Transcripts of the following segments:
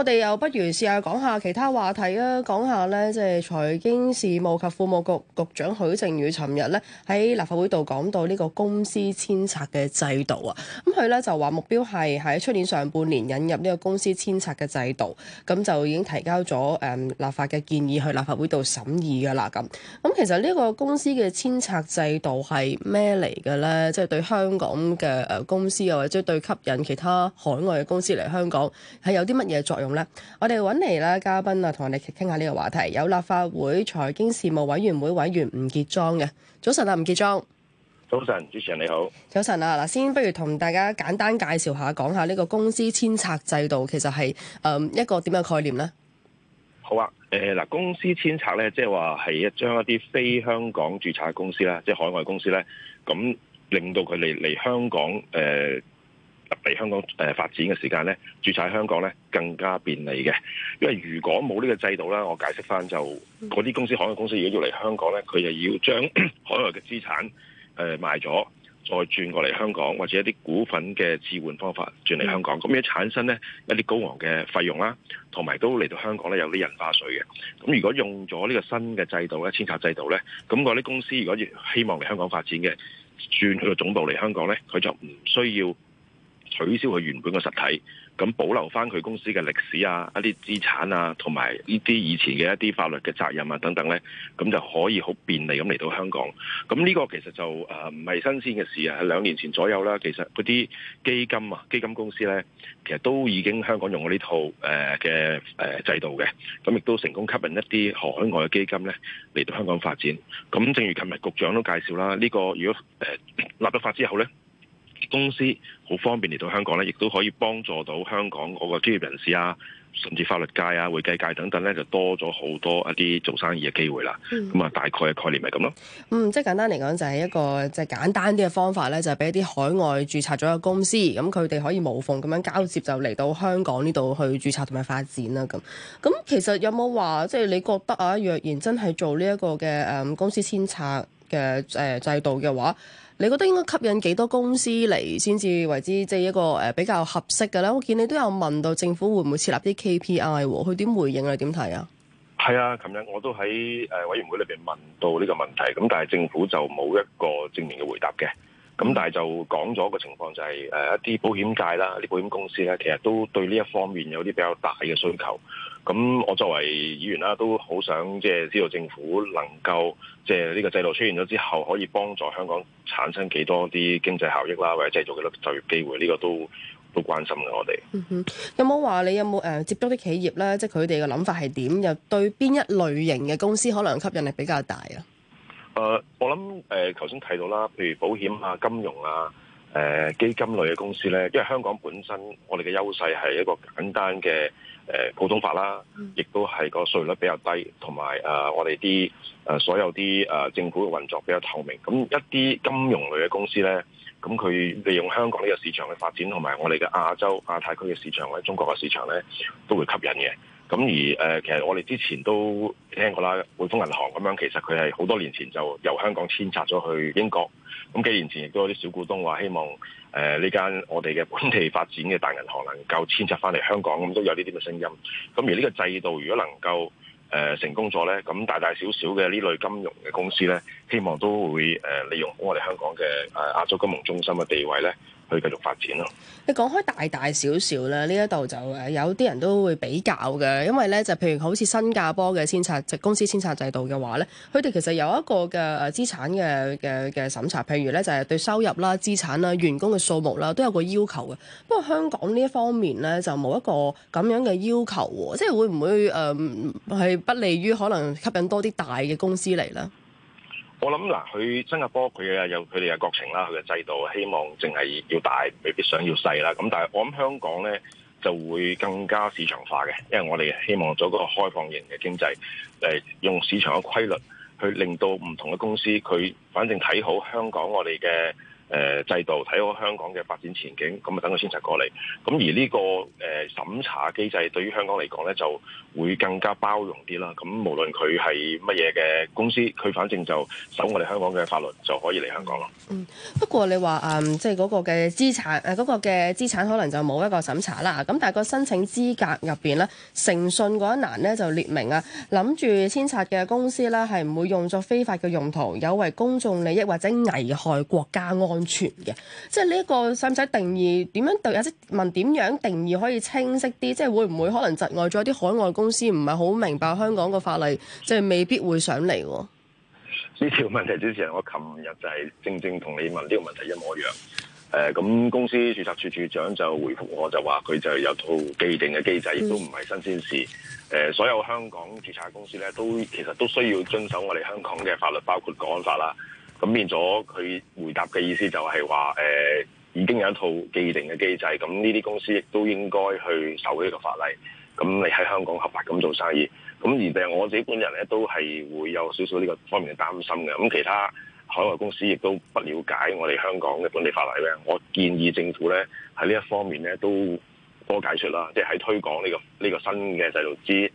我哋又不如試下講下其他話題啊！講下咧，即係財經事務及庫務局局長許正宇，尋日咧喺立法會度講到呢個公司遷冊嘅制度啊！咁佢咧就話目標係喺出年上半年引入呢個公司遷冊嘅制度，咁、嗯、就已經提交咗誒、嗯、立法嘅建議去立法會度審議噶啦。咁、嗯、咁其實呢個公司嘅遷冊制度係咩嚟嘅咧？即、就、係、是、對香港嘅誒公司啊，或者對吸引其他海外嘅公司嚟香港係有啲乜嘢作用？啦，我哋揾嚟啦，嘉賓啊，同我哋傾下呢個話題。有立法會財經事務委員會委員吳傑莊嘅。早晨啊，吳傑莊。早晨，主持人你好。早晨啊，嗱，先不如同大家簡單介紹下，講下呢個公司遷冊制度，其實係誒一個點樣概念咧？好啊，誒嗱，公司遷冊咧，即係話係一將一啲非香港註冊嘅公司咧，即係海外公司咧，咁令到佢哋嚟香港誒。嚟香港誒發展嘅時間咧，註冊香港咧更加便利嘅，因為如果冇呢個制度咧，我解釋翻就嗰啲公司海外公司如果要嚟香港咧，佢就要將海外嘅資產誒賣咗，再轉過嚟香港或者一啲股份嘅置換方法轉嚟香港，咁樣產生咧一啲高昂嘅費用啦，同埋都嚟到香港咧有啲印花稅嘅。咁如果用咗呢個新嘅制度咧，遷冊制度咧，咁嗰啲公司如果要希望嚟香港發展嘅，轉佢個總部嚟香港咧，佢就唔需要。取消佢原本嘅實體，咁保留翻佢公司嘅歷史啊，一啲資產啊，同埋呢啲以前嘅一啲法律嘅責任啊等等呢，咁就可以好便利咁嚟到香港。咁呢個其實就誒唔係新鮮嘅事啊，喺兩年前左右啦，其實嗰啲基金啊，基金公司呢，其實都已經香港用咗呢套嘅、呃、制度嘅，咁亦都成功吸引一啲海外嘅基金呢嚟到香港發展。咁正如琴日局長都介紹啦，呢、呢個如果立、呃、立法之後呢。公司好方便嚟到香港咧，亦都可以幫助到香港嗰個專業人士啊，甚至法律界啊、會計界等等咧，就多咗好多一啲做生意嘅機會啦。咁啊、嗯，大概嘅概念咪咁咯。嗯，即係簡單嚟講，就係、是、一個即係簡單啲嘅方法咧，就係、是、俾一啲海外註冊咗嘅公司，咁佢哋可以無縫咁樣交接，就嚟到香港呢度去註冊同埋發展啦。咁咁其實有冇話即係你覺得啊，若然真係做呢、這、一個嘅誒、嗯、公司遷冊嘅誒制度嘅話。你覺得應該吸引幾多公司嚟先至為之即係一個誒比較合適嘅咧？我見你都有問到政府會唔會設立啲 KPI，佢點回應啊？你點睇啊？係啊，琴日我都喺誒委員會裏邊問到呢個問題，咁但係政府就冇一個正面嘅回答嘅。咁但係就講咗個情況就係誒一啲保險界啦，啲保險公司咧，其實都對呢一方面有啲比較大嘅需求。咁我作為議員啦，都好想即係知道政府能夠即係呢個制度出現咗之後，可以幫助香港產生幾多啲經濟效益啦，或者製造幾多就業機會？呢、這個都都關心嘅我哋、嗯哼。有冇話你有冇誒接觸啲企業咧？即係佢哋嘅諗法係點？又對邊一類型嘅公司可能吸引力比較大啊？誒，我諗誒，頭、呃、先提到啦，譬如保險啊、金融啊、誒、呃、基金類嘅公司咧，因為香港本身我哋嘅優勢係一個簡單嘅誒、呃、普通法啦，亦都係個稅率比較低，同埋誒我哋啲誒所有啲誒、呃、政府嘅運作比較透明。咁一啲金融類嘅公司咧，咁佢利用香港呢個市場嘅發展，同埋我哋嘅亞洲、亞太區嘅市場或者中國嘅市場咧，都會吸引嘅。咁而誒，其實我哋之前都聽過啦，匯豐銀行咁樣，其實佢係好多年前就由香港遷冊咗去英國。咁幾年前亦都有啲小股東話希望誒呢間我哋嘅本地發展嘅大銀行能夠遷冊翻嚟香港，咁都有呢啲嘅聲音。咁而呢個制度如果能夠誒、呃、成功咗呢，咁大大小小嘅呢類金融嘅公司呢，希望都會誒、呃、利用好我哋香港嘅亞、呃、洲金融中心嘅地位呢，去繼續發展咯。你講開大大少少咧，呢一度就有啲人都會比較嘅，因為咧就譬如好似新加坡嘅遷冊公司遷冊制度嘅話咧，佢哋其實有一個嘅誒資產嘅嘅嘅審查，譬如咧就係、是、對收入啦、資產啦、員工嘅數目啦都有個要求嘅。不過香港呢一方面咧就冇一個咁樣嘅要求喎，即係會唔會誒係、呃、不利於可能吸引多啲大嘅公司嚟咧？我諗嗱，佢新加坡佢啊有佢哋嘅國情啦，佢嘅制度希望淨係要大，未必想要細啦。咁但係我諗香港呢，就會更加市場化嘅，因為我哋希望做嗰個開放型嘅經濟，用市場嘅規律去令到唔同嘅公司，佢反正睇好香港我哋嘅。誒制度睇好香港嘅發展前景，咁啊等佢遷冊過嚟。咁而呢個審查機制對於香港嚟講咧，就會更加包容啲啦。咁無論佢係乜嘢嘅公司，佢反正就守我哋香港嘅法律就可以嚟香港咯。嗯，不過你話，即係嗰個嘅資產誒，嗰個嘅資產可能就冇一個審查啦。咁但係個申請資格入邊咧，誠信嗰一欄咧就列明啊，諗住遷冊嘅公司咧係唔會用作非法嘅用途，有違公眾利益或者危害國家安。安嘅，即係呢一個使唔使定義？點樣有隻問點樣定義可以清晰啲？即係會唔會可能窒礙咗啲海外公司唔係好明白香港嘅法例，即係未必會上嚟？呢條問題之前，我琴日就係正正同你問呢個問題一模一樣。誒，咁公司註冊處處長就回覆我就話，佢就有套既定嘅機制，亦都唔係新鮮事。誒，所有香港註冊公司咧，都其實都需要遵守我哋香港嘅法律，包括《國安法》啦。咁變咗佢回答嘅意思就係話，誒、呃、已經有一套既定嘅機制，咁呢啲公司亦都應該去守呢個法例。咁你喺香港合法咁做生意，咁而誒我自己本人咧都係會有少少呢個方面嘅擔心嘅。咁其他海外公司亦都不了解我哋香港嘅本地法例咧。我建議政府咧喺呢一方面咧都多解説啦，即係喺推廣呢個呢個新嘅制度之誒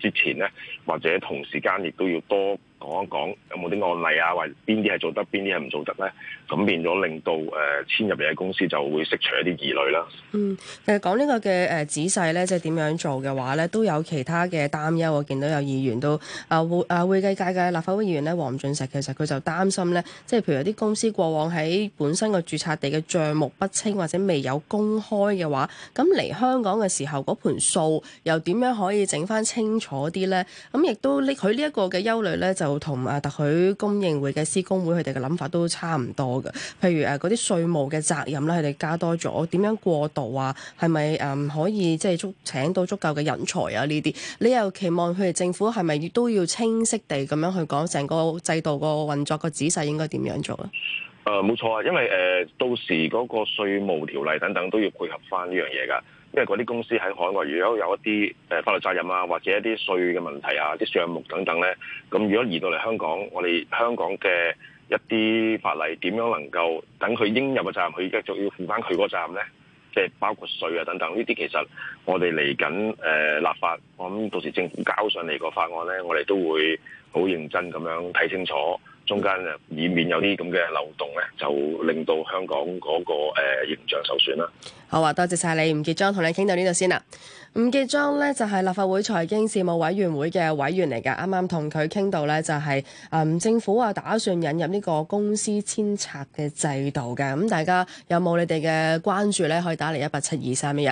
之前咧，或者同時間亦都要多。講一講有冇啲案例啊，或邊啲係做得，邊啲係唔做得咧？咁變咗令到誒遷、呃、入嘅公司就會釋除一啲疑慮啦。嗯，其實講呢個嘅誒、呃、仔細咧，即係點樣做嘅話咧，都有其他嘅擔憂。我見到有議員都啊會啊會計界嘅立法會議員咧，黃俊碩其實佢就擔心咧，即係譬如有啲公司過往喺本身嘅註冊地嘅帳目不清或者未有公開嘅話，咁嚟香港嘅時候嗰盤數又點樣可以整返清楚啲咧？咁亦都呢佢呢一個嘅憂慮咧就。嗯就同啊特許公營會嘅施工會，佢哋嘅諗法都差唔多嘅。譬如誒，嗰啲稅務嘅責任咧，佢哋加多咗，點樣過渡啊？係咪誒可以即係足請到足夠嘅人才啊？呢啲你又期望佢哋政府係咪都要清晰地咁樣去講成個制度運，嗰個運作個仔細應該點樣做啊？誒，冇錯啊，因為誒、呃、到時嗰個稅務條例等等都要配合返呢樣嘢㗎。因為嗰啲公司喺海外，如果有一啲誒法律責任啊，或者一啲稅嘅問題啊，啲稅項目等等咧，咁如果移到嚟香港，我哋香港嘅一啲法例點樣能夠等佢應有嘅責任，佢繼續要付翻佢嗰責任咧，即係包括稅啊等等呢啲，其實我哋嚟緊誒立法，我諗到時政府交上嚟個法案咧，我哋都會好認真咁樣睇清楚。中間就以免有啲咁嘅漏洞咧，就令到香港嗰個形象受損啦。好啊，多謝晒你，吳傑莊，同你傾到呢度先啦。吳傑莊咧就係立法會財經事務委員會嘅委員嚟嘅，啱啱同佢傾到咧就係、是、誒、嗯、政府話打算引入呢個公司遷冊嘅制度嘅，咁大家有冇你哋嘅關注咧？可以打嚟一八七二三一一。